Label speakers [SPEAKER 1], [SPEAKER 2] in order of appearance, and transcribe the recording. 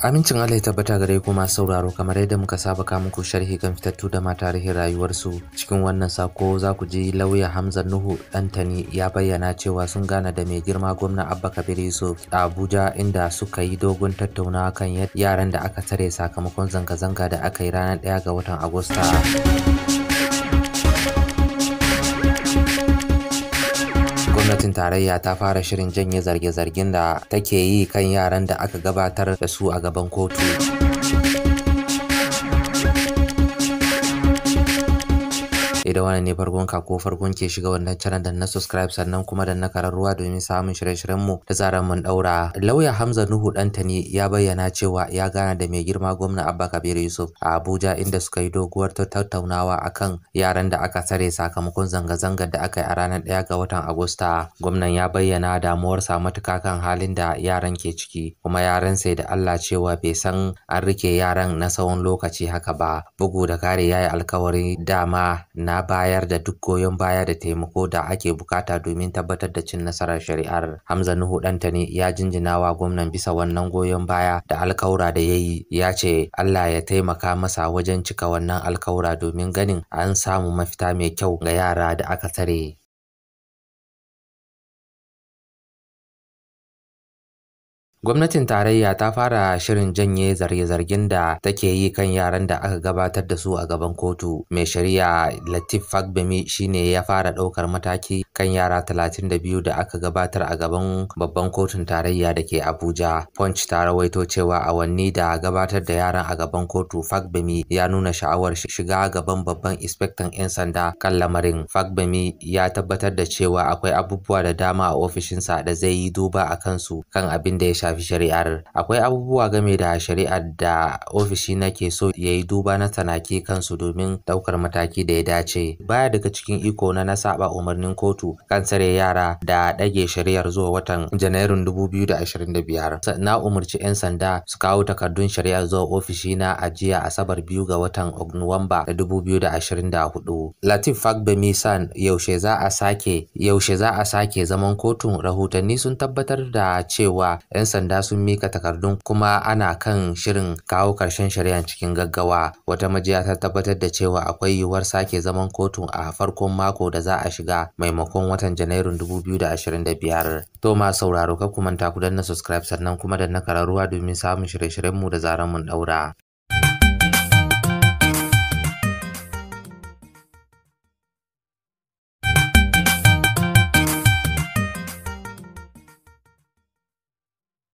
[SPEAKER 1] Amincin Allah ya tabbata gare ku masu sauraro kamar yadda muka saba ka muku sharhi kan fitattu da ma tarihin rayuwarsu cikin wannan sako za ku ji lauya Hamza Nuhu Dantani ya bayyana cewa sun gana da mai girma gwamna Abba Kabir Yusuf a Abuja inda suka yi dogon tattaunawa kan yaran da aka tare sakamakon zanga-zanga da aka yi ranar 1 ga watan Agusta. gwamnatin tarayya ta fara shirin janye zarge-zargen da take yi kan yaran da aka gabatar da su a gaban kotu. da wani ne farkon ka ko farkon ke shiga wannan channel dan na subscribe sannan kuma dan na kararruwa domin samun shirye-shiryen mu da zaran mun daura lauya Hamza Nuhu ne ya bayyana cewa ya gana da mai girma gwamna Abba Kabir Yusuf a Abuja inda suka yi doguwar tattaunawa akan yaran da aka tsare sakamakon zanga-zangar da aka yi a ranar 1 ga watan Agusta gwamnan ya bayyana sa matuka kan halin da yaran ke ciki kuma yaran sai da Allah cewa bai san an rike yaran na tsawon lokaci haka ba bugu da kare yayi alkawari dama na bayar da duk goyon baya da taimako da ake bukata domin tabbatar da cin nasarar shari'ar. Hamza Nuhu ne ya jinjinawa gwamnan bisa wannan goyon baya da alkaura da ya yi ya ce Allah ya taimaka masa wajen cika wannan alkaura domin ganin an samu mafita mai kyau ga yara da aka tare. Gwamnatin tarayya ta fara shirin janye zarge-zargen da take yi kan yaran da aka gabatar da su a gaban kotu. Mai shari'a Latif Fagbemi shine ya fara ɗaukar mataki kan yara 32 da aka gabatar a gaban babban kotun tarayya da ke Abuja. Punch ta rawaito cewa awanni da gabatar da yaran a gaban kotu Fagbemi ya nuna sha'awar shiga gaban babban inspector 'yan sanda kan lamarin. Fagbemi ya tabbatar da cewa akwai abubuwa da dama a ofishinsa da zai yi duba a kansu kan abin da ya shafi shari'ar akwai abubuwa game da shari'ar da ofishi na ke so ya yi duba na tsanaki kansu domin ɗaukar mataki da ya dace baya daga cikin iko na na saba umarnin kotu kan tsare yara da ɗage shari'ar zuwa watan janairun 2025 na umarci 'yan sanda su kawo takardun shari'ar zuwa ofishi na ajiya asabar biyu ga watan nuwamba da 2024 latif fagbemi san yaushe za a sake yaushe za a sake zaman kotun rahotanni sun tabbatar da cewa 'yan sanda sanda sun mika takardun kuma ana kan shirin kawo karshen shari'ar cikin gaggawa. Wata majiya ta tabbatar da cewa akwai yiwuwar sake zaman kotun a farkon mako da za a shiga maimakon watan Janairun 2025. To ma sauraro ka kuma ta ku na subscribe sannan kuma da na kararruwa domin samun shirye shiryen mu da zaran mun daura.